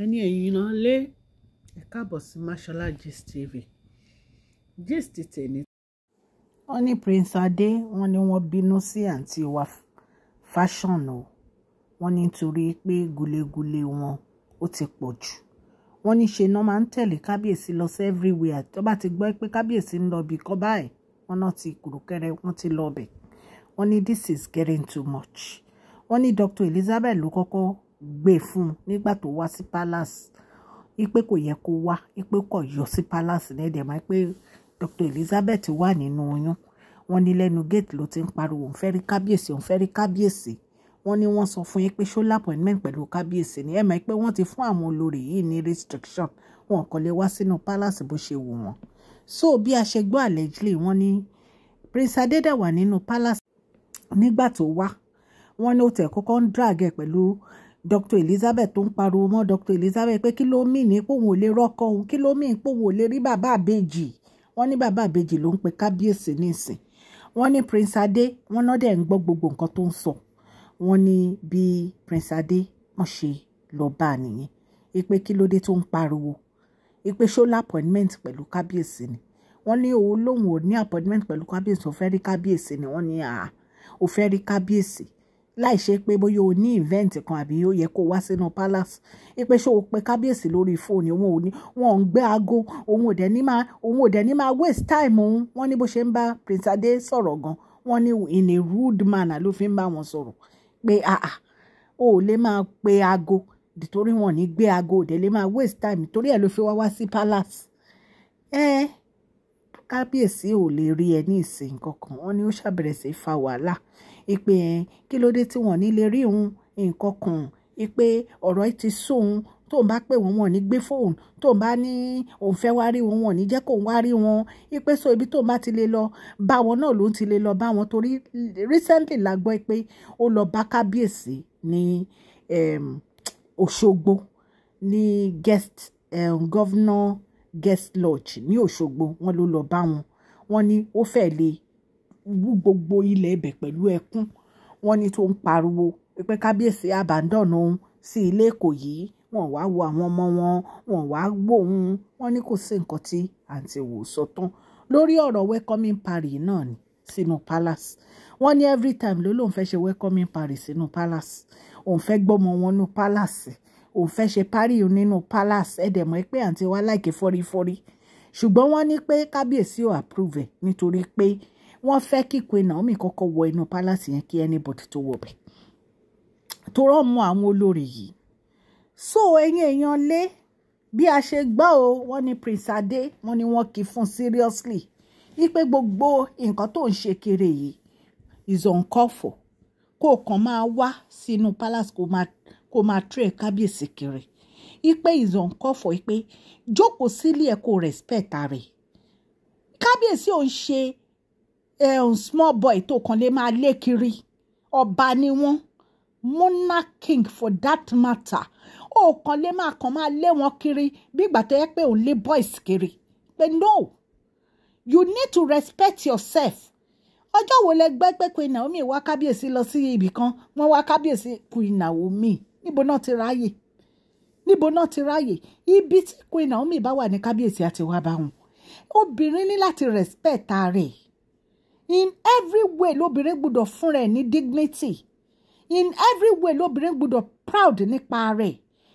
ẹni ẹ̀yin náà lé ẹ káàbọ̀ sí Mashola Gist TV gist tèmi. wọ́n ní Prince Adé wọ́n ní wọ́n bínú sí àǹtí wa fashion o wọ́n ní nítorí pé gulegule wọn ó ti pọ̀ jù wọ́n ní ṣe náà máa ń tẹ̀lé kábíyèsí lọ sí everywhere tó bá ti gbọ́ pé kábíyèsí ń lọ bí kọ́ báyìí wọ́n náà ti kùrùkẹ́rẹ́ wọ́n ti lọ bẹ̀ wọ́n ní this is getting too much wọ́n ní Dr Elizabeth ló kọ́kọ́ gbé fún un nígbà tó wá sí palace ipe kò yẹ kó wá ipe kò yọ sí palace ní ẹ̀dẹ̀ máa pé Dr Elizabeth wà nínú oyún wọn ní lẹ́nu gate ló ti ń pariwo òun fẹ́ rí kábíyèsí òun fẹ́ rí kábíyèsí wọ́n ní wọ́n sọ fún yín pé ṣọlá appointment pẹ̀lú kábíyèsí ni ẹ mọ̀ pé wọ́n ti fún àwọn olórí yìí ní restriction wọn kò lè wá sínú palace bó ṣe wù wọ́n. so bí a ṣe gbọ́ allegedly wọ́n ní prince adédè wà nínú palace nígbà tó wá wọ́n ní ó tẹ̀ kọ́kọ́ ń drag ẹ̀ pẹ̀lú Dr Elizabeth tó ń pariwo mọ́ Dr Elizabeth pé kí ló mì ní pòun ò lè rọ́kọ òun kí ló mì ní pòun ò lè rí bàbá àbèjì wọ́n ní bàbá àbèjì ló ń pe kábíyèsí nísìn wọ́n ní Prince Ade, wọ́n náà dẹ̀ ń gbọ́ gbogbo nǹkan tó ń sọ wọ́n ní bí Prince Adé wọ́n ṣe lọ bá a nìyẹn ipe kí ló dé tó ń pariwo ipe ṣọlá appointment pẹ̀lú kábíyèsí ni wọ́n ní òun lòun ò ní appointment pẹ̀lú kábíyèsí òun fẹ́ rí kábíyèsí ni wọ́n ní àá òun rí kábíyèsí láì ṣe pé bóyá o ní event kan àbí ó yẹ kó wá sínú palace ipe ṣé o pe kábíyèsí lórí fóònù òun ò ní wọn ò ń gbé aago òun ò dẹ̀ ní máa òun ò dẹ̀ ní máa waste time òun wọ́n ní bó ṣe ń bá Prince Adé sọ̀rọ̀ gan wọ́n ní in a rude manner ló fi ń bá wọn sọ̀rọ̀ pé àà o ò lè máa pe aago torí wọn ò ní gbé aago ò lè máa waste time torí ẹ̀ ló fi wá wá sí palace ẹ kábíyèsí ò lè rí ẹ ní ìsìn kankan wọ́n ní ó ṣàbẹ̀rẹ̀ sí fa wàhálà ìpè ẹ̀ kí ló dé tí wọ́n ní lè rí òun nǹkan kan ìpè ọ̀rọ̀ ti sóun tóun bá pè wọ́n wọ́n ní gbé fóònù tóun bá ní òun fẹ́ wá rí wọn wọ́n ní jẹ́ kóun wá rí wọn ìpè so ibi tóun bá ti lè lọ bá wọn náà ló ń ti lè lọ bá wọn torí recently la gbọ́ pé ó lọ bá kábíyèsí ní ehm, Òṣogbo ní guest ehm, governor guest lodge ní Òṣogbo wọn ló lọ bá wọn wọ́n ní ó fẹ́ lè wú gbogbo ilẹ̀ ibẹ̀ pẹ̀lú ẹkún wọ́n ní tó ń pariwo pé kábíyèsí àbádọ́nà òun sí ilé èkó yìí wọ́n wá wo àwọn ọmọ wọn wọ́n wá wò òun wọ́n ní kò sí nǹkan tí àǹtí wò sọ lórí ọ̀rọ̀ welcoming party náà ni sínú palace wọ́n ní every time ló lóun fẹ́ ṣe welcoming party sínú palace òun fẹ́ gbọ́mọ wọn nú palace òun fẹ́ ṣe party nínú palace ẹ̀dẹ̀mọ́ pé àǹtí wa láìkè fọ́rífọ́rí ṣùgbọ́n wọ́n ní pé kábíyèsí ò approve ẹ̀ nítorí pé wọ́n fẹ́ kí Queen Naomi kọ́kọ́ wọ inú palace yẹn kí anybody tó wọ̀ bẹ̀ tó rọ́ mú àwọn olórí yìí so ẹ̀yin èèyàn lé bí a ṣe gbọ́ o wọ́n ní Prince Ade. wọ́n ní wọ́n kì í fún seriously wípé gbogbo nǹkan tó ń ṣe kiri yìí is uncalled for kó kàn máa wá sínú palace kó máa kó máa tray kábíyèsí kiri ipe is ipe jókòó sílé ẹ̀ kó respect rẹ̀ kábíyèsí ò ń ṣe um, small boy tó kàn lè máa lé kiri ọba ni wọ́n monarching for that matter ó kàn lè máa kàn máa lé wọn kiri bí ìgbà tó yẹ pé òun lé boys kiri pé no you need to respect yourself ọjọ́ wo lẹ gbẹ́ pé Queen Naomi wá kábíyèsí lọ sí ibì kan wọ́n wá kábíyèsí Queen Naomi níbo náà ti ráyè níbo náà ti ráyè ibi tí Queen Naomi bá wà ní kábíyèsí àti wá bá wọn obìnrin ní láti respect ara in every way lóbìnrin gbọ́dọ̀ fúnra ẹ̀ ní dignity in every way lóbìnrin gbọ́dọ̀ proud nípa rẹ̀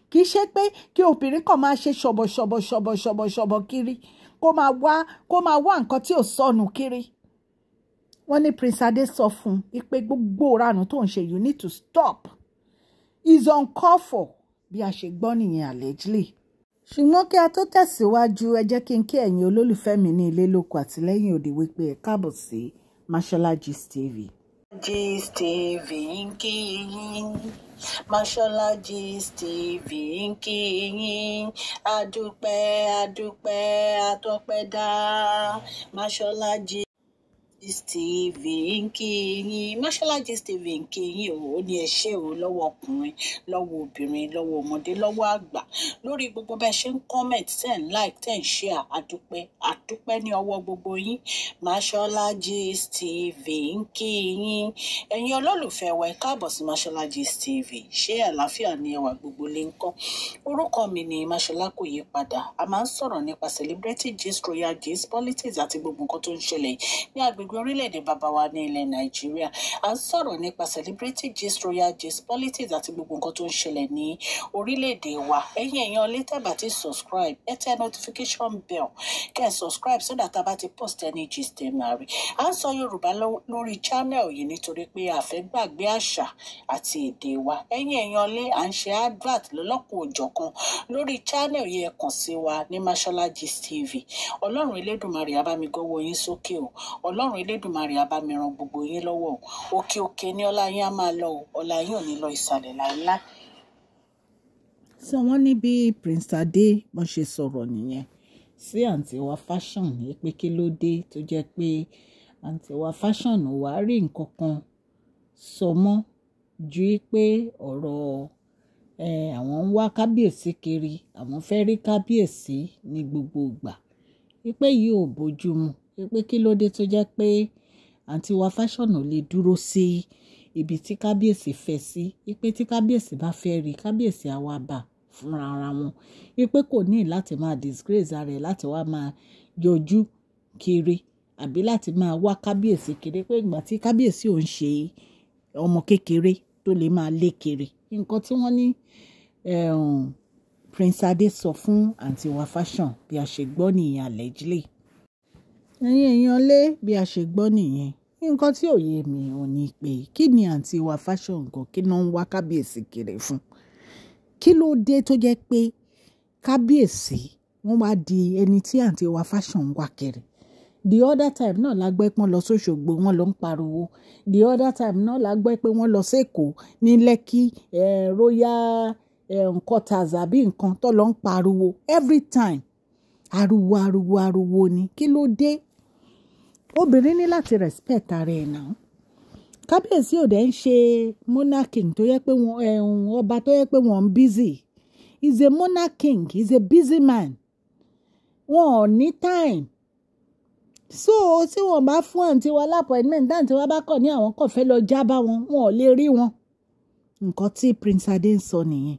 kì í ṣe pé kí obìnrin kàn máa ṣe ṣọ̀bọ̀ṣọ̀bọ̀ ṣọ̀bọ̀ṣọ̀bọ̀ kiri kó máa wá kó máa wá nǹkan tí ò sọnù kiri wọ́n ní Prince Adé sọ fún un pé gbogbo ìranù tó ń ṣe you need to stop is uncalled for bí a ṣe gbọ́ nìyẹn allegedly ṣùgbọ́n kí a tó tẹ̀síwájú ẹ jẹ́ kí n kí ẹ̀yin olólùfẹ́ mi ní ilé lóko àtìlẹ́yìn òde wípé ẹ káàbọ̀ sí Mashola Gist TV. Gist TV ń kí yín Mashola Gist TV ń kí adúpẹ́ adúpẹ́ atọ́pẹ́ dá Mashola Gist TV ń kí yín o ó ní ẹ o lọ́wọ́ ọkùnrin lọ́wọ́ obìnrin lọ́wọ́ ọmọdé lọ́wọ́ àgbà lórí gbogbo bẹ́ẹ̀ ṣe ń comment ten like ten share àdúpẹ́ àdúpẹ́ ní ọwọ́ gbogbo yín Mashola Gist TV ń kí yín ẹ̀yin olólùfẹ́ wa ẹ káàbọ̀ sí Mashola Gist ṣé àlàáfíà ni ẹwà gbogbo lè ń kọ́ orúkọ mi ni Mashola kò yí padà a máa ń sọ̀rọ̀ nípa celebrity gist royal gist politics àti gbogbo nǹkan tó ń ṣẹlẹ̀ ní agbègbè olóògbé orílẹ̀-èdè bàbá wa ní ilẹ̀ nàìjíríà à ń sọ̀rọ̀ nípa celebrity gist royal gist politics àti gbogbo nǹkan tó ń ṣẹlẹ̀ ní orílẹ̀-èdè wa ẹ̀yin èèyàn létí ẹ̀ bá ti subscribe ẹ tẹ notification bell kẹ́ ẹ subscribe so that a bá ti post ẹni gist ẹ̀ máa rí à ń sọ Yorùbá lórí channel yìí nítorí pé a fẹ́ gbàgbé àṣà àti èdè wa ẹ̀yin èèyàn lé à ń ṣe advert lọ́lọ́kùn òjọ̀kan lórí channel yìí ẹ kàn sí wa ní Mashola Gist TV ọlọ́run elédùnmarè á bá yín sókè o ọlọ́run elédùnmarè á bá mi ràn gbogbo yín lọ́wọ́ o òkè òkè ni ọlá yín á máa lọ o ọlá yín ò ní lọ ìsàlẹ̀ láéláé. sọ wọ́n ní bí Prince Ade wọ́n ṣe sọ̀rọ̀ nìyẹn sí àǹtí wa fashion ní pé kí ló dé tó jẹ́ pé àǹtí wa fashion ò wá rí nǹkan kan sọ mọ́ ju pé ọ̀rọ̀ àwọn ń wá kábíyèsí kiri àwọn fẹ́ rí kábíyèsí ní gbogbo ìgbà pé yìí ò bójú mu pé kí ló dé tó jẹ́ pé. Pe àǹtí wa fáṣọ̀nà lè dúró sí ibi tí kábíyèsí fẹ́ sí ipe tí kábíyèsí bá fẹ́ rí kábíyèsí àwa bà fúnra ara wọn ipe kò ní láti máa disgrace ara ẹ̀ láti wá máa yọjú kiri àbí láti máa wá kábíyèsí kiri pé ìgbà tí kábíyèsí ò ń ṣe ọmọ kékeré tó lè máa lé kiri nǹkan tí wọ́n ní Prince Ade sọ fún àǹtí wa fashion bí a ṣe gbọ́ nìyẹn allegedly ẹ̀yin èèyàn lé bí a ṣe gbọ́ nìyẹn nǹkan tí òye mi ò ní pé kí ni àǹtí wa fashion nǹkan kí náà ń wá kábíyèsí kiri fún kí ló dé tó jẹ́ pé kábíyèsí wọ́n wá di ẹni tí àǹtí wa fashion ń wá kiri the other time náà la gbẹ́ pé wọ́n lọ sóṣogbo wọ́n lọ ń pariwo the other time náà la gbẹ́ pé wọ́n lọ sẹ́kọ̀ọ́ ní lẹ́kí royal nǹkan tàzà bí nǹkan tó lọ ń pariwo every time ariwo ariwo ariwo ni kí ló dé obìnrin ní láti respect ara ẹ̀ náà kábíyèsí òde ń ṣe monarching tó yẹ pé wọn ẹ̀hún eh, ọba tó yẹ pé wọn busy He's a monarching He's a busy man wọn ò ní time so tí wọn bá fún àǹtí wa lápọ̀ẹ́dẹ́mẹ̀ntì dáǹtí wa bá kọ̀ ní àwọn kò fẹ́ lọ já bá wọn wọn ò lè rí wọn nǹkan tí Prince Adé ń sọ nìyẹn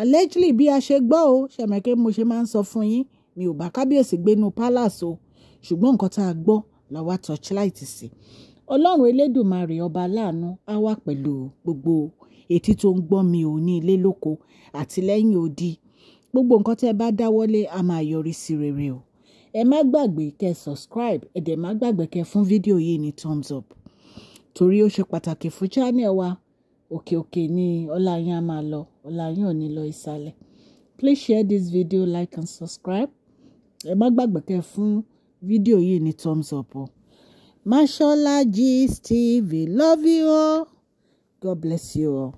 allegedly bí a ṣe gbọ́ o ṣẹ̀mẹ̀kẹ́ mo ṣe máa ń sọ fún yín mi ò bá kábíyèsí gbénu palace o ṣùgbọ́n nǹkan tá a gbọ́ la wá torchlight sí ọlọ́run elédùmarè ọba láàánú á wà pẹ̀lú gbogbo etí tó ń gbọ́ mi ò ní ilé lóko àti lẹ́yìn odi gbogbo nǹkan tẹ́ bá dáwọ́lé a máa yọrí sí rere o ẹ má gbàgbé kẹ́ subscribe ẹ dẹ̀ má gbàgbé kẹ́ fún fídíò yìí ní thumbs up torí ó ṣe pàtàkì fún channel wa òkè òkè ní ọláyín á máa lọ ọláyín ò ní lọ ìsàlẹ̀ please share this video like and subscribe ẹ má gbàgbé kẹ́ fún fídíò yìí ní thumbs up o. Mashola Gist TV love you all God bless you all.